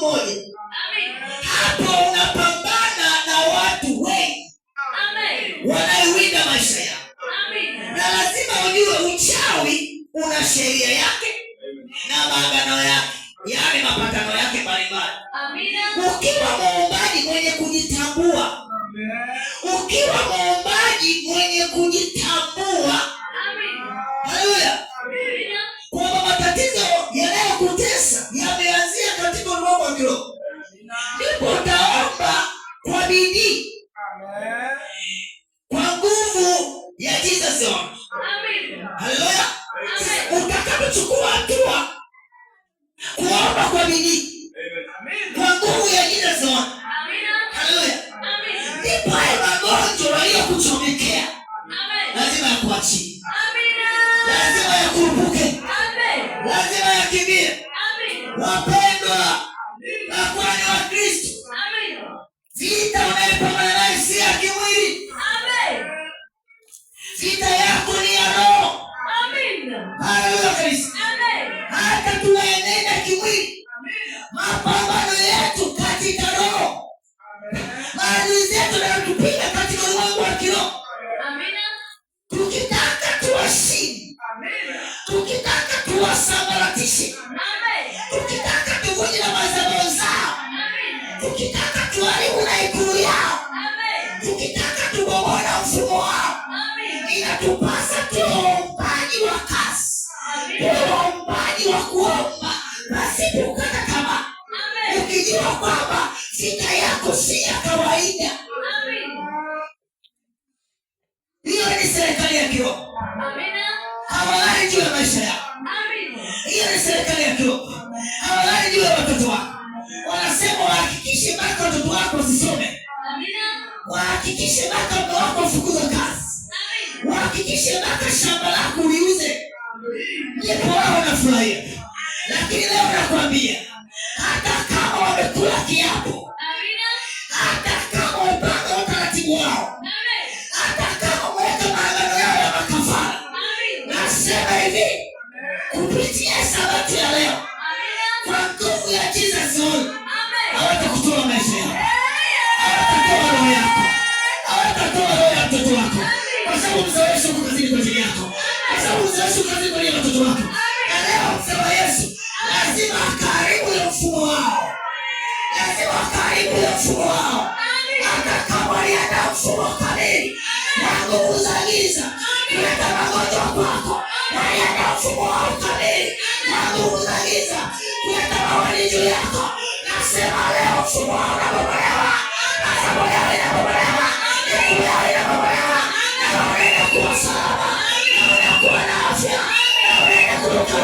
moja Hapo unapambana na watu wengi wanaowinda maisha yao, na lazima ujue uchawi una sheria yake na maagano yake, yaani mapatano yake mbalimbali. Ukiwa muumbaji mwenye kujitambua, ukiwa kwa nguvu ya Jesus. Haleluya! Utakapochukua hatua kuomba kwa bidii kwa nguvu ya Jesus, haleluya, ndipo ayo magonjwa yaliyokuchomekea lazima yakuachie, lazima yakurupuke, lazima yakimbie. Wapendwa Yesu. Hata tunaenenda kimwili, mapambano yetu katika roho, maadui yanatupiga katika ulimwengu wa kiroho. Tukitaka tuwashinde, tukitaka tuwasambaratishe, tukitaka tuvunje na madhabahu zao, tukitaka tuharibu na ikulu yao, tukitaka tubomoe na mfumo wao, inatupa waombaji wa kuomba nasipi ukata tamaa, ukijua kwamba vita yako si ya kawaida. Hiyo ni serikali ya kiroho, hawalali juu ya maisha yao. Hiyo ni serikali ya kiroho, hawalali juu ya watoto wako. Wanasema wahakikishe mpaka watoto wako wasisome, wahakikishe mpaka mke wako wafukuza kazi, wahakikishe mpaka shamba lako uliuze wao wanafurahia, lakini leo nakwambia hata kama wamekula kiapo, hata kama wamepanga utaratibu wao, hata kama wameweka maagano yao ya makafara, nasema hivi karibu ya mfumo wao, akakamalia na mfumo kamili na nguvu za giza. Leta magonjwa kwako, na mfumo wao kamili na nguvu za giza. Leta mawali juu yako, nasema leo mfumo wao unabomolewa, masomo yao yanabomolewa, elimu yao inabomolewa, na wanaenda kuwa salama, na wanakuwa na afya, na wanaenda kuruka